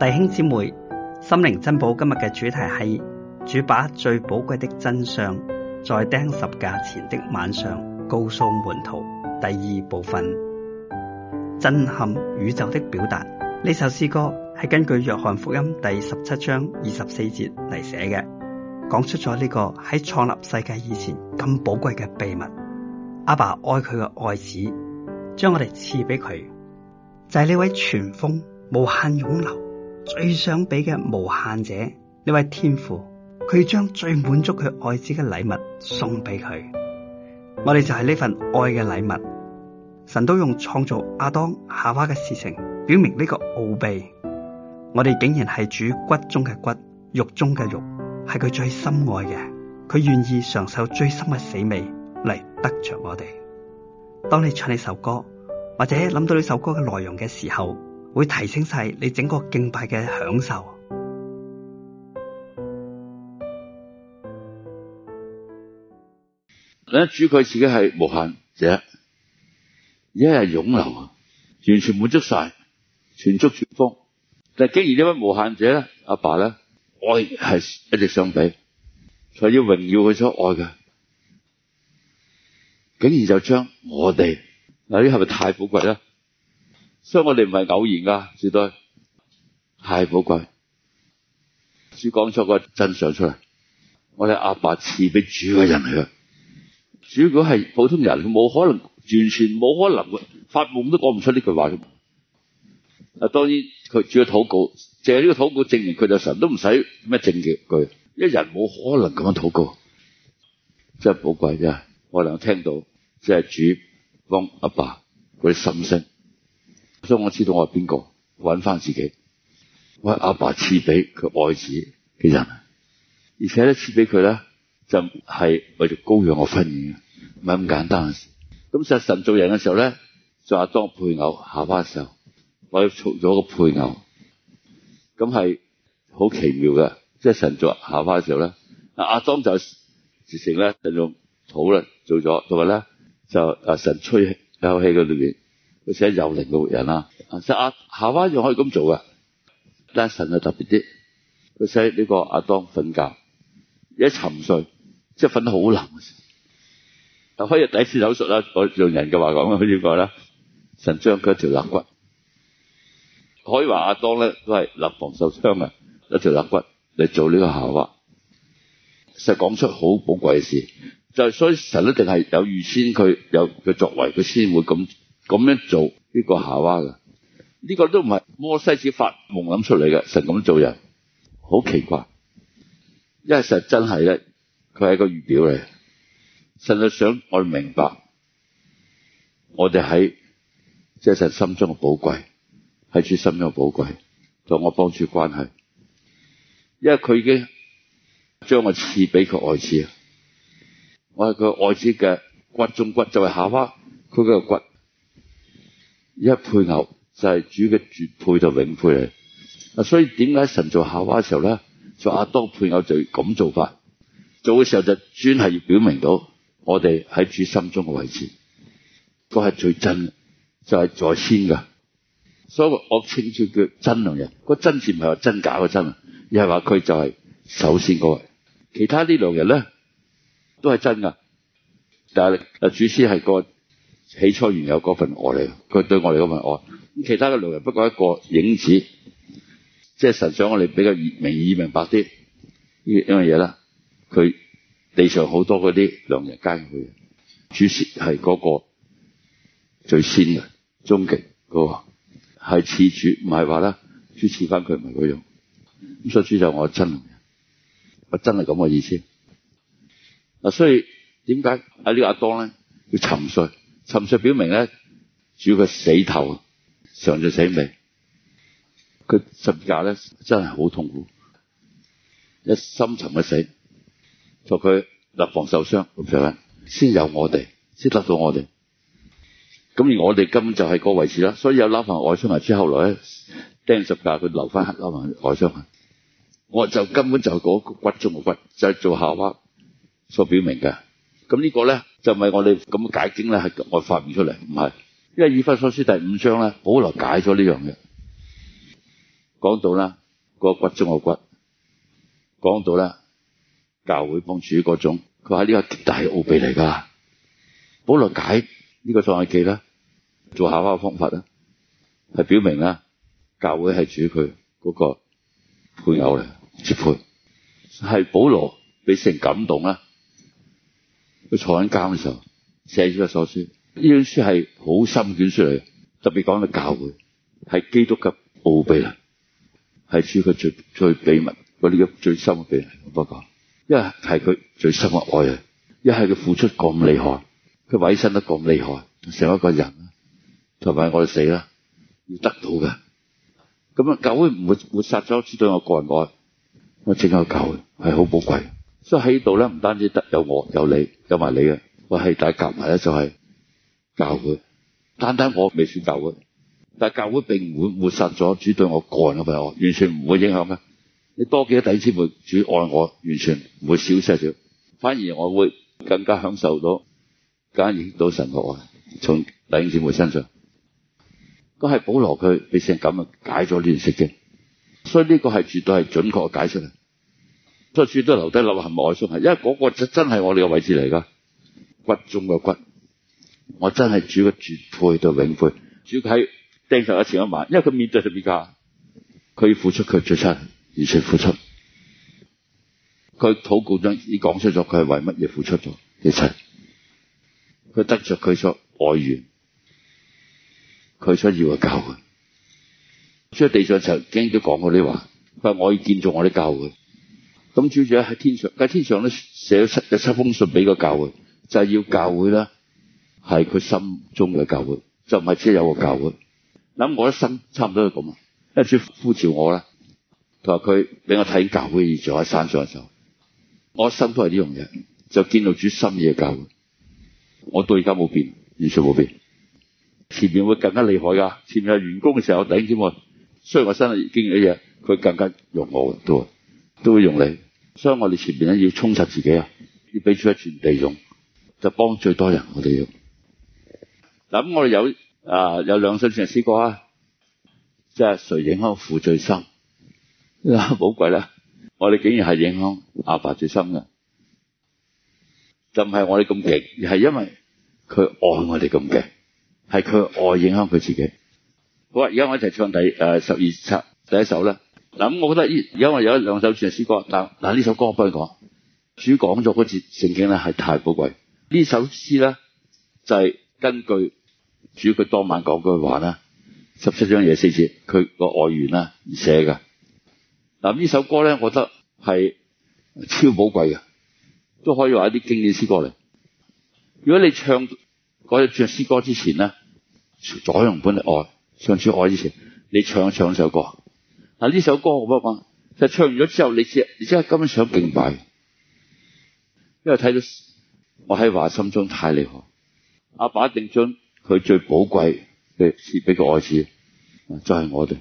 弟兄姊妹，心靈珍寶今日嘅主題係主把最寶貴的真相，在釘十架前的晚上告訴門徒。第二部分震撼宇宙的表達，呢首詩歌係根據約翰福音第十七章二十四節嚟寫嘅，講出咗呢個喺創立世界以前咁寶貴嘅秘密。阿爸愛佢嘅愛子，將我哋賜俾佢，就係、是、呢位全豐無限湧流。最想俾嘅無限者，呢位天父，佢將最滿足佢愛子嘅禮物送俾佢。我哋就係呢份愛嘅禮物。神都用創造亞當夏娃嘅事情，表明呢個奧秘。我哋竟然係主骨中嘅骨，肉中嘅肉，係佢最深愛嘅。佢願意嘗受最深嘅死味嚟得着我哋。當你唱呢首歌，或者諗到呢首歌嘅內容嘅時候，會提升晒你整個敬拜嘅享受。一主佢自己係無限者，一日湧流，完全滿足晒，全足全豐。但係既然呢位無限者咧，阿爸咧，愛係一直相比，所以要榮耀佢所愛嘅，竟然就將我哋嗱，呢係咪太寶貴咧？所以我哋唔係偶然噶，絕對係太寶貴。主講出個真相出嚟，我哋阿爸賜俾主嘅人嚟嘅。如果係普通人，冇可能完全冇可能嘅發夢都講唔出呢句話。啊，當然佢主要禱告，借呢個禱告證明佢就神，都唔使咩證據。一人冇可能咁樣禱告，真係寶貴啫！我能夠聽到，即係主幫阿爸嗰啲心聲。當我知道我係邊個，揾翻自己，我係阿爸賜俾佢愛子嘅人，而且咧賜俾佢咧就係、是、為咗高養我婚姻，唔係咁簡單嘅事。咁實神做人嘅時候咧，就是、阿當的配偶下巴嘅時候，我要做咗個配偶，咁係好奇妙嘅，即、就、係、是、神做下巴嘅時候咧，阿阿當就直情咧就用土啦做咗，同埋咧就阿神吹喺口氣嘅裏邊。佢寫有靈嘅活人啦，實阿夏娃又可以咁做嘅。但神就特別啲，佢寫呢個阿當瞓覺一沉睡，即係瞓得好冧嘅可以第一次手術啦。我用人嘅話講啦，點講咧？神將佢一條肋骨可以話阿當咧都係肋房受傷啊，一條肋骨嚟做呢個夏娃。實講出好寶貴嘅事，就係所以神一定係有預先佢有佢作為，佢先會咁。咁樣做呢個夏娃嘅，呢、呢個都唔係摩西子發夢諗出嚟嘅，神咁做人，好奇怪！因為神真係咧，佢係一個預表嚟，神就想我哋明白我哋喺，我哋喺即係神心中嘅寶貴，喺主心中嘅寶貴，同我幫助關係，因為佢已經將我賜俾佢愛子，我係佢愛子嘅骨中骨就是，就係夏娃，佢嘅骨。一配偶就係主嘅絕配就永配嚟。啊，所以點解神做夏娃嘅時候咧，就阿當配偶就要咁做法，做嘅時候就專係要表明到我哋喺主心中嘅位置，個係最真，就係、是、在先嘅，所以我稱住叫真良人，個真字唔係話真假嘅真啊，而係話佢就係首先嗰其他這人呢兩人咧都係真噶，但係啊主先係、那個。起初原有嗰份愛嚟，佢對我哋嗰份愛，咁其他嘅良人不過一個影子，即係實際上我哋比較明耳明白啲呢樣嘢啦。佢地上好多嗰啲良人皆佢主是係嗰個最先嘅終極、嗰個，係次主唔係話啦，主持翻佢唔係嗰樣。咁所以主就我的真，我真係咁嘅意思。嗱，所以點解阿呢個阿當咧要沉睡？沉睡表明咧，主要佢死頭嘗住死味，佢十字架咧真係好痛苦，一深沉嘅死，就佢肋房受傷，咁樣先有我哋，先得到我哋。咁而我哋根本就係嗰位置啦，所以有肋房外傷埋之後，來咧釘十字架佢留翻黑肋房外傷啊！我就根本就係嗰骨中骨，就係做夏娃所表明嘅。咁呢個咧？就唔係我哋咁解經咧，係我發唔出嚟，唔係，因為以弗所書第五章咧，保羅解咗呢樣嘢，講到呢、個骨中個骨，講到咧，教會幫主嗰種，佢話呢個極大奧祕嚟噶，保羅解呢個創世記咧，做下翻個方法咧，係表明咧，教會係主佢嗰個配偶嚟接配，係保羅俾聖感動啦。佢坐緊監嘅時候寫咗一本書，呢本書係好深卷書嚟，特別講到教會係基督嘅奧秘啦，係主佢最最秘密嗰啲嘅最深嘅秘密。不過，一係佢最深嘅愛啊，一係佢付出咁厲害，佢委身得咁厲害，成一個人，同埋我哋死啦，要得到嘅，咁啊教會唔會抹殺咗主對我的個人愛，我整個教會係好寶貴。所以喺度咧，唔單止得有我，有你，有埋你嘅，我係大夾埋咧，就係教會。單單我未算教會，但係教會並唔會抹殺咗主對我個人嘅愛，完全唔會影響嘅。你多幾個弟兄姊妹主愛我，完全唔會少少少，反而我會更加享受到，更加見到神愛從弟兄姊妹身上。都係保羅佢俾聖經解咗呢件事嘅。所以呢個係絕對係準確嘅解釋。所有書都留低留痕外傷係，因為嗰個真係我哋嘅位置嚟噶，骨中嘅骨。我真係主嘅絕配到永配，主要喺釘十架前一晚，因為佢面對十字架，佢要付出佢最真而且付出，佢禱告中已經講出咗佢係為乜嘢付出咗。其實佢得着佢所外援，佢所要嘅教會。所以地上曾經都講過呢話，佢話我要建造我啲教會。咁主主喺天上，喺天上咧寫咗七有七封信俾、就是、個教會，就係要教會啦。係佢心中嘅教會，就唔係只有個教會。諗我一生差唔多係係咁啊，因為主呼召我啦，同埋佢俾我睇教會而住喺山上嘅時候，我一生都係呢樣嘢，就見到主心意嘅教會，我到而家冇變，完全冇變。前面會更加厲害噶，前面完工嘅時候我頂添喎。雖然我身度已經一嘢，佢更加容我多。都會用你，所以我哋前面咧要充實自己啊，要俾出一全地用，就幫最多人我哋要，嗱咁我哋有啊、呃、有兩首聖詩歌啊，即係誰影響父最深？啊寶貴啦，我哋竟然係影響阿爸，爸最深嘅，就唔係我哋咁勁，而係因為佢愛我哋咁勁，係佢愛影響佢自己。好啊，而家我一齊唱第誒、呃、十二冊第一首啦。嗱咁，我覺得依而家話有一兩首傳世詩歌，嗱，嗱呢首歌我幫你講，主講咗嗰節聖經咧係太寶貴。呢首詩咧就係根據主佢當晚講句話咧，十七章廿四節，佢個外員啦而寫嘅，嗱呢首歌咧，我覺得係超寶貴嘅，都可以話一啲經典詩歌嚟。如果你唱嗰隻傳世詩歌之前咧，左擁本嚟愛，唱次愛之前，你唱一唱首歌。嗱呢首歌好不嘛？就唱完咗之後，你知，而且根本想敬拜，因為睇到我喺華心中太厲害。阿爸，爸一定將佢最寶貴嘅賜俾個愛子，就係、是、我哋。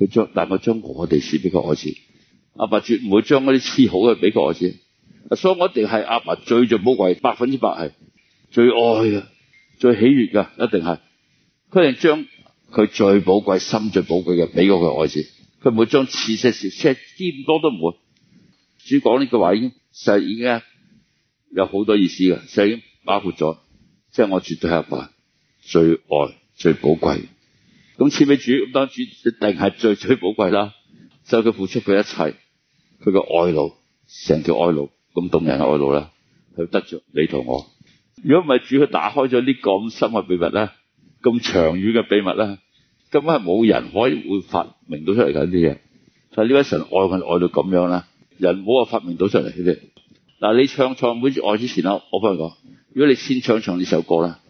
佢將但係我將我哋賜俾個愛子。阿爸，爸絕唔會將嗰啲次好嘅俾個愛子，所以我一定係阿爸最最寶貴的，百分之百係最愛嘅、最喜悦嘅，一定係佢係將佢最寶貴、心最寶貴嘅俾嗰個愛子。佢唔會將次石石尖多都唔會。主講呢句話已經實已經有好多意思嘅，實已經包括咗。即係我絕對係一個最愛、最寶貴。咁賜俾主，咁當主一定係最最寶貴啦。就佢付出佢一切，佢個愛路，成條愛路咁動人嘅愛路啦，係得着你同我。如果唔係主佢打開咗呢咁深嘅秘密啦，咁長遠嘅秘密啦。根本係冇人可以會發明到出嚟緊啲嘢，所以呢位神愛佢愛到咁樣啦，人冇話發明到出嚟嘅。嗱，你唱《創舉愛》之前啦，我幫你講，如果你先唱唱呢首歌啦，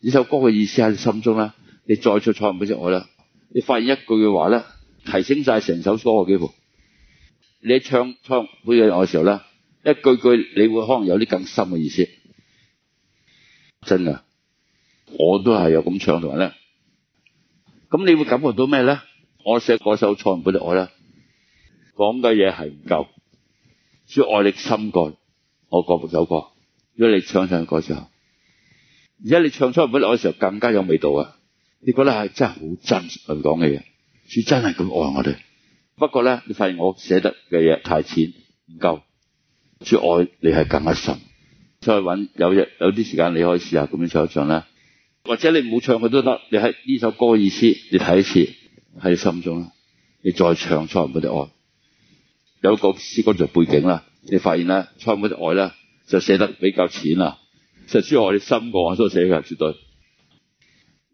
呢首歌嘅意思喺你心中啦，你再唱《創舉愛》啦。你發現一句嘅話咧，提升晒成首歌嘅幾乎。你唱《創舉愛》嘅時候咧，一句句你會可能有啲更深嘅意思。真嘅，我都係有咁唱嘅話咧。咁你會感覺到咩咧？我寫嗰首《創意愛》咧，講嘅嘢係唔夠，主愛你深過我嗰部首歌。如果你唱上嗰時候，而家你唱《創意愛》嘅時候更加有味道啊！你覺得係真係好真實講嘢嘅，主真係咁愛我哋。不過咧，你發現我寫得嘅嘢太淺，唔夠。主愛你係更加深，再揾有日有啲時間你可以試下咁樣唱一唱啦。或者你唔好唱佢都得，你喺呢首歌嘅意思，你睇一次喺你心中啦。你再唱《滄海的愛》，有一個詩歌做背景啦，你發現咧，《滄海的愛》咧就寫得比較淺啦，就主要我哋心望所寫嘅，絕對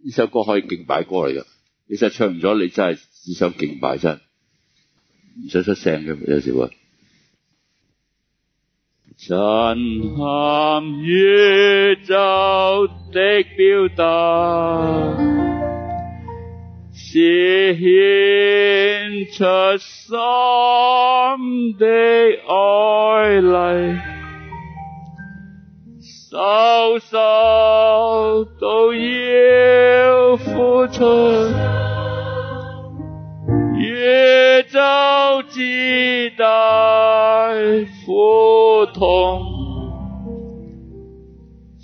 呢首歌可以敬拜歌嚟嘅。你實在唱唔咗，你真係只想敬拜真，唔想出聲嘅有時啊。震撼宇宙的表達，是獻出心的愛禮，授受都要付出，宇宙至大。